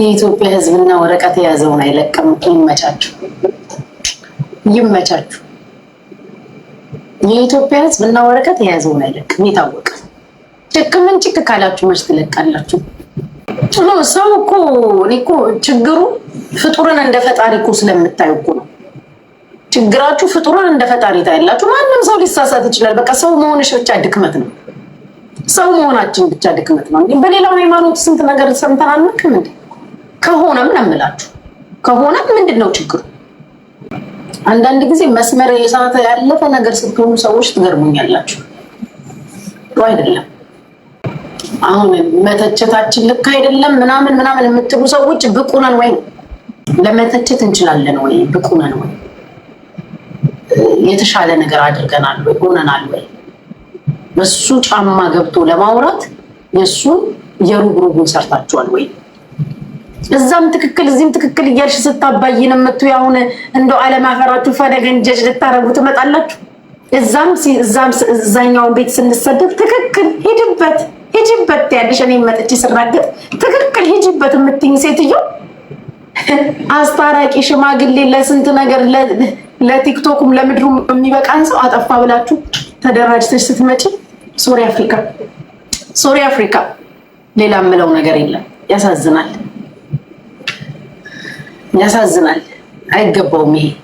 የኢትዮጵያ ሕዝብና ወረቀት የያዘውን አይለቅም። ይመቻችሁ፣ ይመቻችሁ። የኢትዮጵያ ሕዝብና ወረቀት የያዘውን አይለቅም። የታወቀ ጭቅ ምን ካላችሁ መች ትለቃላችሁ። ሰው እኮ እኔ እኮ ችግሩ ፍጡርን እንደ ፈጣሪ እኮ ስለምታዩ እኮ ነው ችግራችሁ። ፍጡርን እንደ ፈጣሪ ታያላችሁ። ማንም ሰው ሊሳሳት ይችላል። በቃ ሰው መሆንሽ ብቻ ድክመት ነው። ሰው መሆናችን ብቻ ድክመት ነው እንጂ በሌላው ሃይማኖት ስንት ነገር ሰምተን እንደ እንዴ? ከሆነም ለምላችሁ ከሆነ ምንድን ነው ችግሩ? አንዳንድ ጊዜ መስመር የሳተ ያለፈ ነገር ስትሆኑ ሰዎች ትገርሙኛላችሁ። አይደለም አሁን መተቸታችን ልክ አይደለም ምናምን ምናምን የምትሉ ሰዎች ብቁ ነን ወይ ለመተቸት እንችላለን ወይ ብቁ ነን ወይ የተሻለ ነገር አድርገናል ወይ ሆነናል ወይ በሱ ጫማ ገብቶ ለማውራት የእሱን የሩብሩቡን ሰርታችኋል ወይ? እዛም ትክክል እዚህም ትክክል እያልሽ ስታባይን የምትው አሁን እንደው አለማፈራችሁ ጀጅ ልታረጉ ትመጣላችሁ። እዛም እዛም እዛኛውን ቤት ስንሰደብ ትክክል ሂድበት ሂጅበት ያለሽ እኔ መጥቼ ስራገጥ ትክክል ሂጅበት የምትኝ ሴትዮ አስታራቂ ሽማግሌ ለስንት ነገር ለቲክቶኩም ለምድሩም የሚበቃን ሰው አጠፋ ብላችሁ ተደራጅተች ስትመጪ ሶሪ አፍሪካ፣ ሶሪ አፍሪካ። ሌላ የምለው ነገር የለም። ያሳዝናል፣ ያሳዝናል። አይገባውም። ይሄ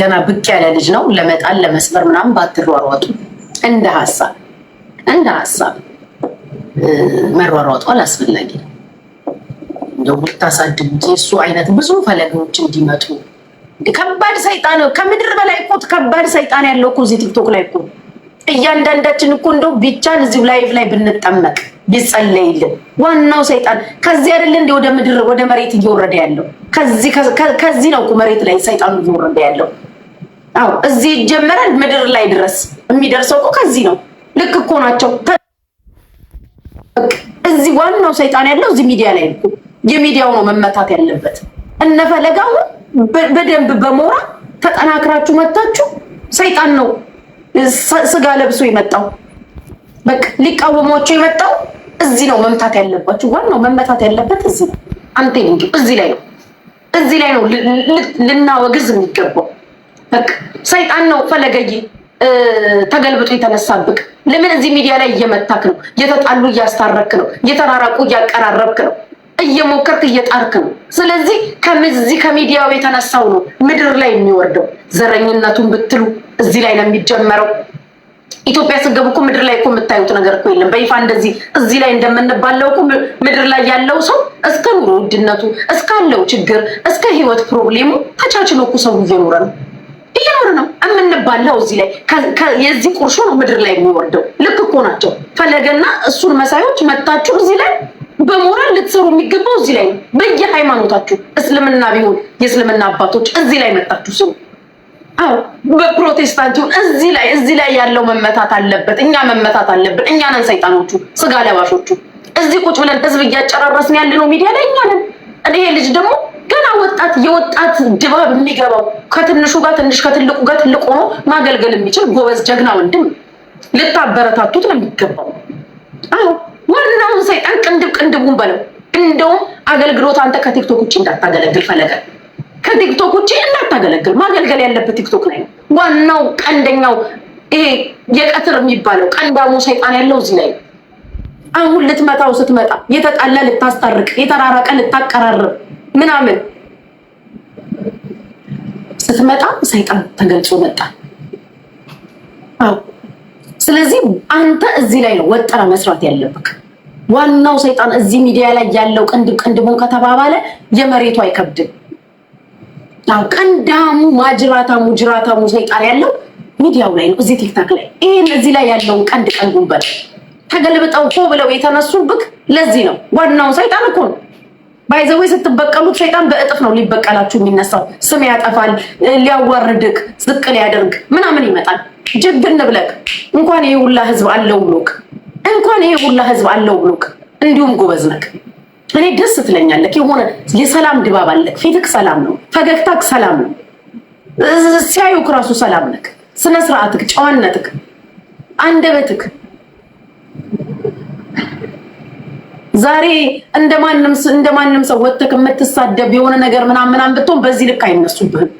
ገና ብቅ ያለ ልጅ ነው። ለመጣል ለመስበር ምናምን ባትሯሯጡ እንደ ሀሳብ እንደ ሀሳብ መሯሯጡ አላስፈላጊ ነው። እንደው ብታሳድጉት የእሱ አይነት ብዙ ፈለገዎች እንዲመጡ ከባድ ሰይጣን ከምድር በላይ እኮ ከባድ ሰይጣን ያለው እኮ እዚህ ቲክቶክ ላይ እኮ እያንዳንዳችን እኮ እንደው ብቻን እዚሁ ላይፍ ላይ ብንጠመቅ ቢጸለይልን። ዋናው ሰይጣን ከዚህ አይደለ እንደ ወደ ምድር ወደ መሬት እየወረደ ያለው ከዚህ ነው እኮ መሬት ላይ ሰይጣኑ እየወረደ ያለው። አዎ እዚህ ይጀመራል፣ ምድር ላይ ድረስ የሚደርሰው እኮ ከዚህ ነው። ልክ እኮ ናቸው። እዚህ ዋናው ሰይጣን ያለው እዚህ ሚዲያ ላይ እኮ የሚዲያው ነው መመታት ያለበት። እነፈለጋው በደንብ በሞራ ተጠናክራችሁ መታችሁ ሰይጣን ነው ስጋ ለብሶ የመጣው በቃ ሊቃወሟቸው የመጣው እዚህ ነው መምታት ያለባችሁ። ዋናው መመታት ያለበት እዚህ ነው። አንተ እንጂ እዚህ ላይ ነው እዚህ ላይ ነው ልናወግዝ የሚገባው። በቃ ሰይጣን ነው ፈለገይ ተገልብጦ የተነሳብቅ። ለምን እዚህ ሚዲያ ላይ እየመታክ ነው? እየተጣሉ እያስታረክ ነው። እየተራራቁ እያቀራረብክ ነው። እየሞከርክ እየጣርክ ነው። ስለዚህ ከዚህ ከሚዲያው የተነሳው ነው ምድር ላይ የሚወርደው። ዘረኝነቱን ብትሉ እዚህ ላይ ነው የሚጀመረው። ኢትዮጵያ ስገቡ እኮ ምድር ላይ እኮ የምታዩት ነገር እኮ የለም። በይፋ እንደዚህ እዚህ ላይ እንደምንባለው እኮ ምድር ላይ ያለው ሰው እስከ ኑሮ ውድነቱ እስካለው ችግር እስከ ህይወት ፕሮብሌሙ ተቻችሎ እኮ ሰው እየኖረ ነው እየኖረ ነው የምንባለው። እዚህ ላይ የዚህ ቁርሾ ነው ምድር ላይ የሚወርደው። ልክ እኮ ናቸው ፈለገና እሱን መሳዮች መታችሁ እዚህ ላይ በሞራል ልትሰሩ የሚገባው እዚህ ላይ ነው። በየሃይማኖታችሁ እስልምና ቢሆን የእስልምና አባቶች እዚህ ላይ መጣችሁ ስሩ። አዎ በፕሮቴስታንት ይሁን እዚህ ላይ እዚህ ላይ ያለው መመታት አለበት። እኛ መመታት አለብን። እኛ ነን ሰይጣኖቹ፣ ስጋ ለባሾቹ። እዚህ ቁጭ ብለን ህዝብ እያጨራረስን ነው ሚዲያ ላይ እኛ ነን። ይሄ ልጅ ደግሞ ገና ወጣት የወጣት ድባብ የሚገባው ከትንሹ ጋር ትንሽ ከትልቁ ጋር ትልቅ ሆኖ ማገልገል የሚችል ጎበዝ ጀግና ወንድም ልታበረታቱት ነው የሚገባው። አዎ ዋናውን ሰይጣን ቅንድብ ቅንድቡን በለው። እንደውም አገልግሎት አንተ ከቲክቶክ ውጭ እንዳታገለግል ፈለገ። ከቲክቶክ ውጭ እንዳታገለግል። ማገልገል ያለበት ቲክቶክ ላይ ነው። ዋናው ቀንደኛው ይሄ የቀትር የሚባለው ቀንዳሙ ሰይጣን ያለው እዚህ ላይ አሁን ልትመጣው ስትመጣ የተጣላ ልታስታርቅ፣ የተራራቀ ልታቀራርብ ምናምን ስትመጣ ሰይጣን ተገልጾ መጣ። አዎ። ስለዚህ አንተ እዚህ ላይ ነው ወጠራ መስራት ያለብህ። ዋናው ሰይጣን እዚህ ሚዲያ ላይ ያለው ቅንድብ ቅንድቡን ከተባባለ የመሬቱ አይከብድም። አዎ ቀንዳሙ ማጅራታሙ ጅራታሙ ሰይጣን ያለው ሚዲያው ላይ ነው፣ እዚህ ቲክታክ ላይ ይሄን እዚህ ላይ ያለውን ቀንድ ቀንዱን በል ተገልብጠው ሆ ብለው የተነሱ ለዚህ ነው ዋናው ሰይጣን እኮ ነው። ባይዘዌ ስትበቀሉት ሰይጣን በእጥፍ ነው ሊበቀላችሁ የሚነሳው። ስም ያጠፋል፣ ሊያዋርድክ፣ ዝቅ ሊያደርግ ምናምን ይመጣል። ጀግን ብለክ እንኳን ይህ ሁላ ህዝብ አለው ብሎክ እንኳን ይሄ ሁላ ህዝብ አለው ብሎክ እንዲሁም ጎበዝ ነክ እኔ ደስ ትለኛለክ። የሆነ የሰላም ድባብ አለክ። ፊትክ ሰላም ነው፣ ፈገግታክ ሰላም ነው፣ ሲያዩክ ራሱ ሰላም ነክ። ስነ ስርዓትክ፣ ጨዋነትክ፣ አንደበትክ ዛሬ እንደማንም እንደማንም ሰው ወጥተክ የምትሳደብ የሆነ ነገር ምናምን ምናምን ብትሆን በዚህ ልክ አይነሱብህም።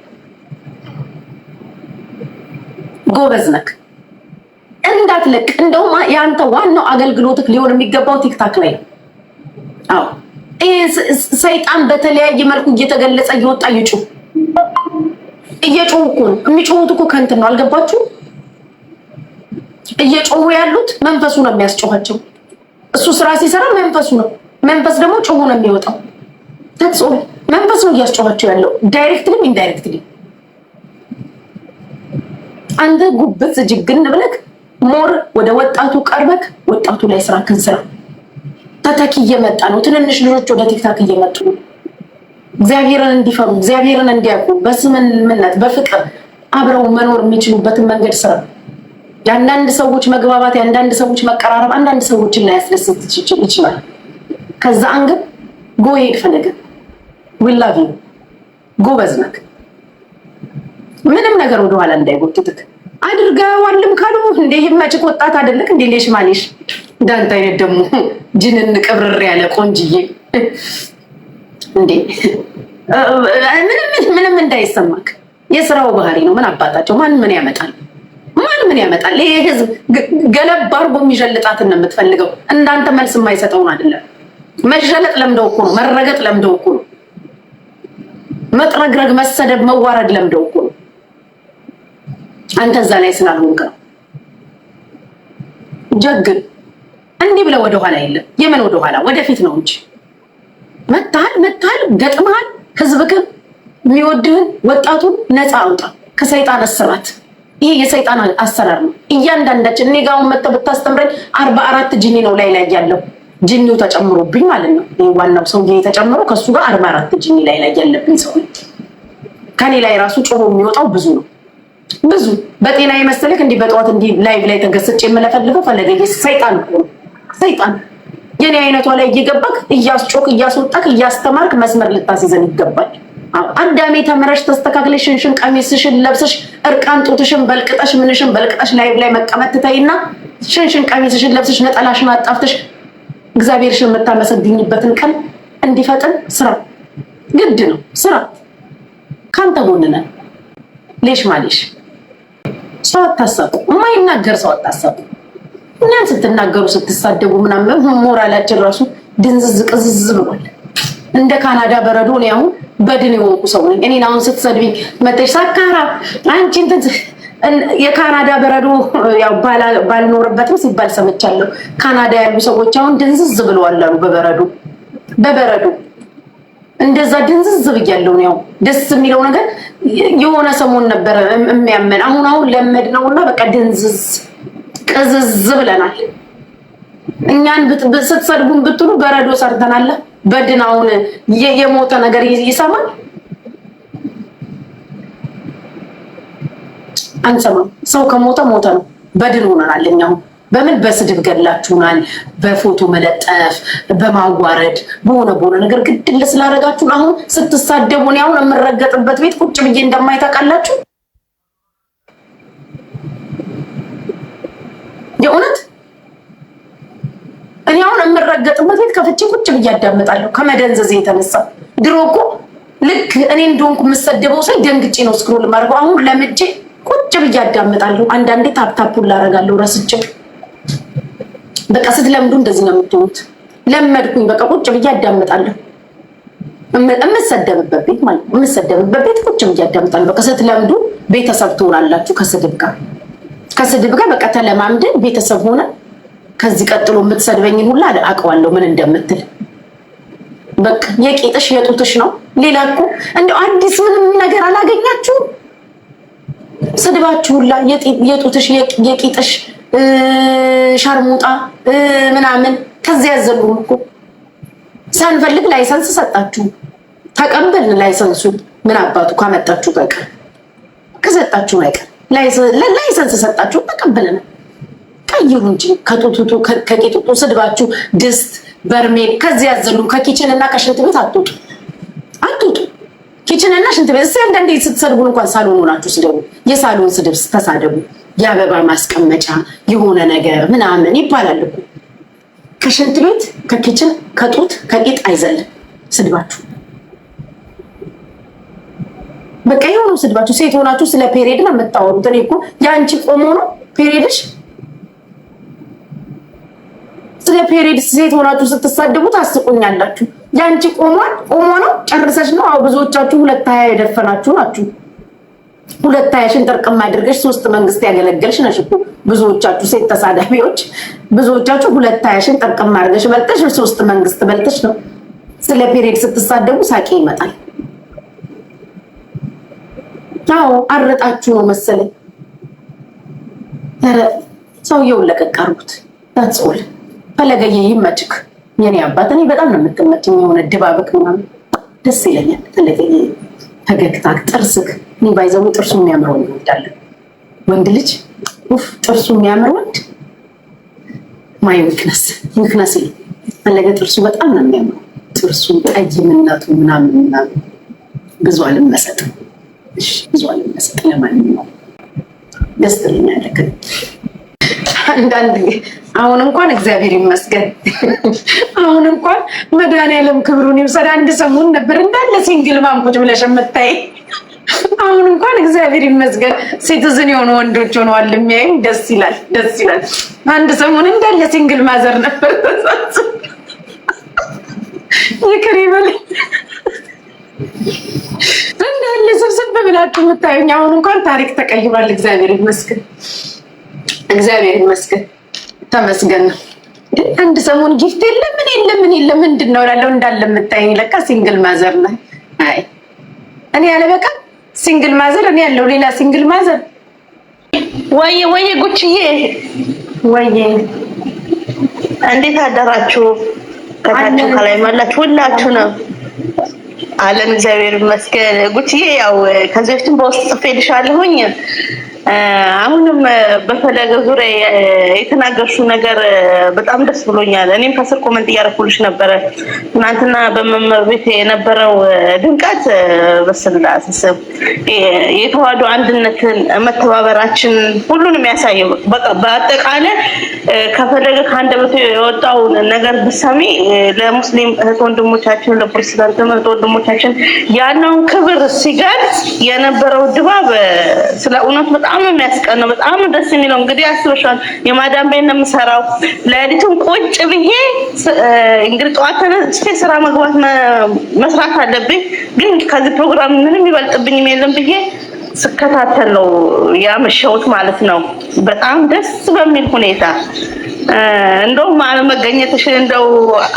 ጎበዝ ነክ። እንዳትለቅ። እንደውም የአንተ ዋናው አገልግሎትህ ሊሆን የሚገባው ቲክታክ ላይ ነው። አዎ ሰይጣን በተለያየ መልኩ እየተገለጸ እየወጣ እየጩ እየጮሁ እኮ ነው የሚጮሁት እኮ ከእንትን ነው። አልገባችሁ? እየጮሁ ያሉት መንፈሱ ነው የሚያስጮኋቸው። እሱ ስራ ሲሰራ መንፈሱ ነው። መንፈስ ደግሞ ጮሁ ነው የሚወጣው። ተጽ መንፈስ ነው እያስጮኋቸው ያለው ዳይሬክትሊም ኢንዳይሬክትሊ አንተ ጉበት ጅግን ብለህ ሞር ወደ ወጣቱ ቀርበክ ወጣቱ ላይ ስራ ክንስራ። ተተኪ እየመጣ ነው። ትንንሽ ልጆች ወደ ቲክታክ እየመጡ ነው። እግዚአብሔርን እንዲፈሩ እግዚአብሔርን እንዲያውቁ በስምምነት በፍቅር አብረው መኖር የሚችሉበትን መንገድ ስራ። የአንዳንድ ሰዎች መግባባት፣ የአንዳንድ ሰዎች መቀራረብ አንዳንድ ሰዎችን ላያስደስት ይችላል። ከዛ አንግብ ጎ ሄድ ፈለገ ዊላቪ ጎበዝ ነክ ምንም ነገር ወደኋላ እንዳይጎትትክ አድርገዋልም ካሉ እንዴ ይሄ መጭቅ ወጣት አይደለክ እንዴ? ሌሽ ማሌሽ እንዳንተ አይነት ደግሞ ጅንን ቅብርር ያለ ቆንጅዬ እንዴ ምንም እንዳይሰማክ የስራው ባህሪ ነው። ምን አባታቸው ማን ምን ያመጣል? ማን ምን ያመጣል? ይሄ ህዝብ ገለብ አድርጎ የሚጀልጣትን ነው የምትፈልገው። እንዳንተ መልስ የማይሰጠውን አይደለም። መሸለጥ ለምደው እኮ ነው። መረገጥ ለምደው እኮ ነው። መጥረግረግ፣ መሰደብ፣ መዋረድ ለምደው እኮ ነው። አንተ እዛ ላይ ስላልሆንክ ነው። ጀግን እንዲህ ብለህ ወደኋላ የለም። የምን ወደኋላ ወደፊት ነው እንጂ መታል መታል ገጥመሃል። ህዝብክን የሚወድህን ወጣቱን ነፃ አውጣ ከሰይጣን እስራት። ይሄ የሰይጣን አሰራር ነው። እያንዳንዳችን እኔ ጋውን መጥተህ ብታስተምረኝ አርባ አራት ጅኒ ነው ላይ ላይ ያለው ጅኒው ተጨምሮብኝ ማለት ነው። ይሄ ዋናው ጊዜ ተጨምሮ ከሱ ጋር አርባ አራት ጅኒ ላይ ላይ ያለብኝ ሰው ከኔ ላይ ራሱ ጮሆ የሚወጣው ብዙ ነው። ብዙ በጤና የመሰለክ እንዲህ በጠዋት እንዲህ ላይቭ ላይ ተገሰጭ የምለፈልገው ፈለገ ሰይጣን ሰይጣን የኔ አይነቷ ላይ እየገባክ እያስጮክ እያስወጣክ እያስተማርክ መስመር ልታስይዘን ይገባል። አዳሜ ተምረሽ ተስተካክለሽ ሽንሽን ቀሚስሽን ለብሰሽ እርቃን ጡትሽን በልቅጠሽ ምንሽን በልቅጠሽ ላይቭ ላይ መቀመጥ ትተይና ሽንሽን ቀሚስሽን ለብሰሽ ነጠላሽን አጣፍተሽ እግዚአብሔርሽን የምታመሰግኝበትን ቀን እንዲፈጥን ስራ ግድ ነው። ስራ ካንተ ጎንነ ሌሽ ማሌሽ ሰው አታሳቡ፣ የማይናገር ሰው አታሳቡ። ስትናገሩ ስትሳደቡ ምናምን ሞራላችን ራሱ ድንዝዝ ቅዝዝ ብሏል። እንደ ካናዳ በረዶ እኔ አሁን በድን የወቁ ሰው ነኝ። እኔን አሁን ስትሰድቢኝ መተሽ ሳካራ አንቺ እንትን የካናዳ በረዶ ያው ባልኖርበትም ሲባል ሰምቻለሁ። ካናዳ ያሉ ሰዎች አሁን ድንዝዝ ብለዋል አሉ በበረዶ በበረዶ እንደዛ ድንዝዝ ነው ያው ደስ የሚለው ነገር የሆነ ሰሞን ነበረ የሚያመን፣ አሁን አሁን ለመድ ነው እና በቃ ድንዝዝ ቅዝዝ ብለናል። እኛን ስትሰድቡን ብትሉ በረዶ ሰርተናል። በድን አሁን የሞተ ነገር ይሰማል አንሰማም። ሰው ከሞተ ሞተ ነው። በድን ሆነናል እኛ አሁን በምን በስድብ ገላችሁናል፣ በፎቶ መለጠፍ፣ በማዋረድ በሆነ በሆነ ነገር ግድል ስላደረጋችሁን አሁን ስትሳደቡ እኔ አሁን የምረገጥበት ቤት ቁጭ ብዬ እንደማይታውቃላችሁ የእውነት እኔ አሁን የምረገጥበት ቤት ከፍቼ ቁጭ ብዬ አዳምጣለሁ። ከመደንዘዝ የተነሳ ድሮ እኮ ልክ እኔ እንደሆንኩ የምሰደበው ሰው ደንግጬ ነው ስክሮል ማድረገው። አሁን ለምጄ ቁጭ ብዬ አዳምጣለሁ። አንዳንዴ ታፕታፑን ላረጋለሁ ረስቼ በቃ ስትለምዱ እንደዚህ ነው የምትሆኑት። ለመድኩኝ በቃ ቁጭ ብዬ አዳምጣለሁ። የምሰደብበት ቤት ማለት ነው። የምሰደብበት ቤት ቁጭ ብዬ አዳምጣለሁ። በቃ ስትለምዱ ቤተሰብ ትሆናላችሁ። ከስድብ ጋር ከስድብ ጋር በቃ ተለማምደን ቤተሰብ ሆነ። ከዚህ ቀጥሎ የምትሰድበኝ ሁላ አውቀዋለሁ ምን እንደምትል በቃ የቂጥሽ የጡትሽ ነው። ሌላ እኮ እንደው አዲስ ምንም ነገር አላገኛችሁም። ስድባችሁ ሁላ የጡትሽ የቂጥሽ ሸርሙጣ ምናምን ከዚያ ያዘሉም እኮ ሳንፈልግ ላይሰንስ ሰጣችሁ፣ ተቀበልን ላይሰንሱ። ምን አባቱ ካመጣችሁ በቃ ከሰጣችሁ አይቀር ላይሰንስ ሰጣችሁ፣ ተቀበልን። ቀይሩ እንጂ ከጡቱቱ ከቂጡጡ ስድባችሁ ድስት በርሜል ከዚያ ያዘሉ። ከኪችን እና ከሽንት ቤት አትውጡ አትውጡ። ኪችን እና ሽንት ቤት እስኪ አንዳንዴ ስትሰድቡን እንኳን ሳሎን ሆናችሁ ስደቡ። የሳሎን ስድብ ተሳደቡ። የአበባ ማስቀመጫ የሆነ ነገር ምናምን ይባላል እኮ ከሽንት ቤት ከኪችን ከጡት ከቂጥ አይዘልም ስድባችሁ። በቃ የሆኑ ስድባችሁ። ሴት ሆናችሁ ስለ ፔሬድ ነው የምታወሩት። እኔ እኮ የአንቺ ቆሞ ነው ፔሬድሽ። ስለ ፔሬድ ሴት ሆናችሁ ስትሳደቡ ታስቁኛላችሁ። የአንቺ ቆሟል ቆሞ ነው ጨርሰሽ ነው። አዎ ብዙዎቻችሁ ሁለት ሀያ የደፈናችሁ ናችሁ። ሁለት ሀያሽን ጠርቅም አድርገሽ ሶስት መንግስት ያገለገልሽ ነሽ እኮ ብዙዎቻችሁ ሴት ተሳዳቢዎች፣ ብዙዎቻችሁ ሁለት ሀያሽን ጠርቅም አድርገሽ በልተሽ ሶስት መንግስት በልተሽ ነው። ስለ ፔሪድ ስትሳደቡ ሳቄ ይመጣል። አዎ አረጣችሁ ነው መሰለኝ። ኧረ ሰውየውን ለቀቅ አድርጉት። ታጽል ፈለገዬ ይመችክ የኔ አባት። እኔ በጣም ነው የምትመችኝ። የሆነ ድባብክ ምናምን ደስ ይለኛል። ፈለገዬ ፈገግታክ ጥርስክ እኔ ባይዘው ጥርሱ የሚያምር ወንድ እወዳለሁ። ወንድ ልጅ ፍ ጥርሱ የሚያምር ወንድ ማይ ዊክነስ ዊክነስ ፈለገ ጥርሱ በጣም ነው የሚያምረው። ጥርሱ ጠይምነቱ ምናምን ምናምን ብዙ አልመሰጥ ብዙ አልመሰጥ። ለማንኛውም ደስ ትለኛለህ። አንዳንድ አሁን እንኳን እግዚአብሔር ይመስገን አሁን እንኳን መድኃኒዓለም ክብሩን ይውሰድ። አንድ ሰሞን ነበር እንዳለ ሲንግል ማምቆች ብለሽ የምታይ አሁን እንኳን እግዚአብሔር ይመስገን ሴትዝን የሆኑ ወንዶች ሆነዋል። የሚያዩ ደስ ይላል፣ ደስ ይላል። አንድ ሰሞን እንዳለ ሲንግል ማዘር ነበር። ተሳት ይቅር ይበለኝ እንዳለ ስብስብ ብላችሁ የምታዩኝ። አሁን እንኳን ታሪክ ተቀይሯል። እግዚአብሔር ይመስገን፣ እግዚአብሔር ይመስገን፣ ተመስገን ነው። አንድ ሰሞን ጊፍት የለም ምን የለም ምን የለም ምንድን ነው እላለሁ። እንዳለ ለካ ሲንግል ማዘር ነ አይ እኔ ያለ በቃ ሲንግል ማዘር እኔ ያለው ሌላ ሲንግል ማዘር ወይ ወይ ጉችዬ ወይ እንዴት አደራችሁ? ከታች ከላይ ማላችሁ ሁላችሁ ነው አለን። እግዚአብሔር ይመስገን። ጉችዬ ያው ከዚህ በፊትም በውስጥ ጽፌልሻለሁኝ አሁንም በፈለገ ዙሪያ የተናገርሽው ነገር በጣም ደስ ብሎኛል። እኔም ከስር ኮመንት እያረኩልሽ ነበረ። ትናንትና በመምህር ቤት የነበረው ድምቀት በስላስስብ የተዋህዶ አንድነትን፣ መተባበራችን ሁሉንም ያሳየው በአጠቃላይ ከፈለገ ከአንድ መቶ የወጣው ነገር ብሰሚ ለሙስሊም እህት ወንድሞቻችን፣ ለፕሮቴስታንት እህት ወንድሞቻችን ያለውን ክብር ሲገልጽ የነበረው ድባብ ስለ እውነት በጣም በጣም ነው በጣም ደስ የሚለው። እንግዲህ አስበሽዋል። የማዳም ቤት ነው የምሰራው። ለሊቱን ቁጭ ብዬ እንግዲህ ጠዋት ተነስቼ ስራ መግባት መስራት አለብኝ። ግን ከዚህ ፕሮግራም ምንም ይበልጥብኝም የለም ብዬ ስከታተል ነው ያመሸሁት ማለት ነው። በጣም ደስ በሚል ሁኔታ እንደውም አለመገኘትሽን እንደው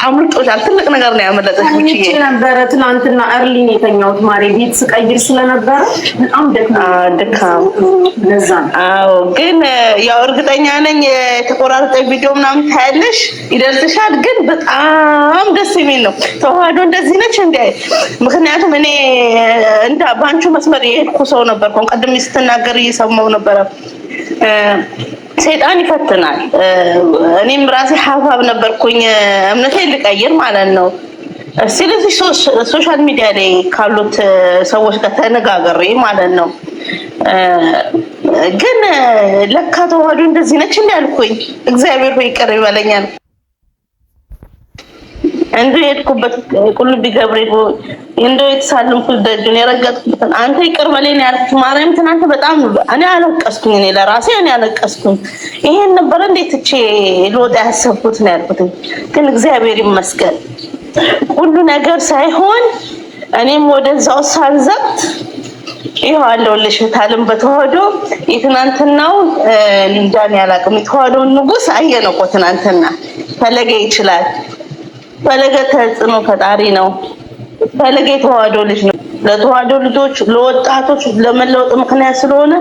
አምልጦሻል። ትልቅ ነገር ነው ያመለጠሽ። ብቻዬ ነበረ ትናንትና እርሊ ነው የተኛሁት ማሬ፣ ቤት ስቀይር ስለነበረ በጣም ደካም። ግን ያው እርግጠኛ ነኝ የተቆራረጠ ቪዲዮ ምናምን ታያለሽ፣ ይደርስሻል። ግን በጣም ደስ የሚል ነው። ተዋህዶ እንደዚህ ነች እንደ ምክንያቱም እኔ እንደ በአንቺ መስመር የሄድኩ ሰው ነበርኩ። ቅድም ስትናገር እየሰማሁ ነበረ ሰይጣን ይፈትናል። እኔም ራሴ ሀብሀብ ነበርኩኝ እምነቴ ልቀይር ማለት ነው። ስለዚህ ሶሻል ሚዲያ ላይ ካሉት ሰዎች ጋር ተነጋገሪ ማለት ነው። ግን ለካ ተዋህዶ እንደዚህ ነች እንዳልኩኝ እግዚአብሔር ይቅር ይበለኛል። እንዶ የሄድኩበት ቁልቢ ገብርኤል እንዶ የተሳለምኩት ደጁን የረገጥኩበትን አንተ ይቅር በለኝ ነው ያልኩት። ማርያም ትናንት በጣም እኔ አለቀስኩኝ። እኔ ለራሴ እኔ አለቀስኩኝ። ይሄን ነበር እንዴት እቺ ልወጣ ያሰብኩት ነው ያልኩት። ግን እግዚአብሔር ይመስገን ሁሉ ነገር ሳይሆን እኔም ወደዛው ሳልዘብት ይኸው አለሁልሽ ታለም በተዋህዶ የትናንትናው እንጃን ያላቅም የተዋህዶውን ንጉስ አየነው እኮ ትናንትና ፈለገ ይችላል ፈለገ ተጽዕኖ ፈጣሪ ነው። ፈለገ የተዋህዶ ልጅ ነው። ለተዋህዶ ልጆች፣ ለወጣቶች ለመለወጥ ምክንያት ስለሆነ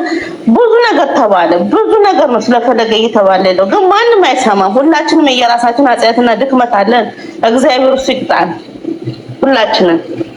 ብዙ ነገር ተባለ። ብዙ ነገር ነው ስለፈለገ እየተባለ ያለው ግን ማንም አይሰማም። ሁላችንም የየራሳችን ኃጢአትና ድክመት አለን። እግዚአብሔር እሱ ይቅጣን ሁላችንን።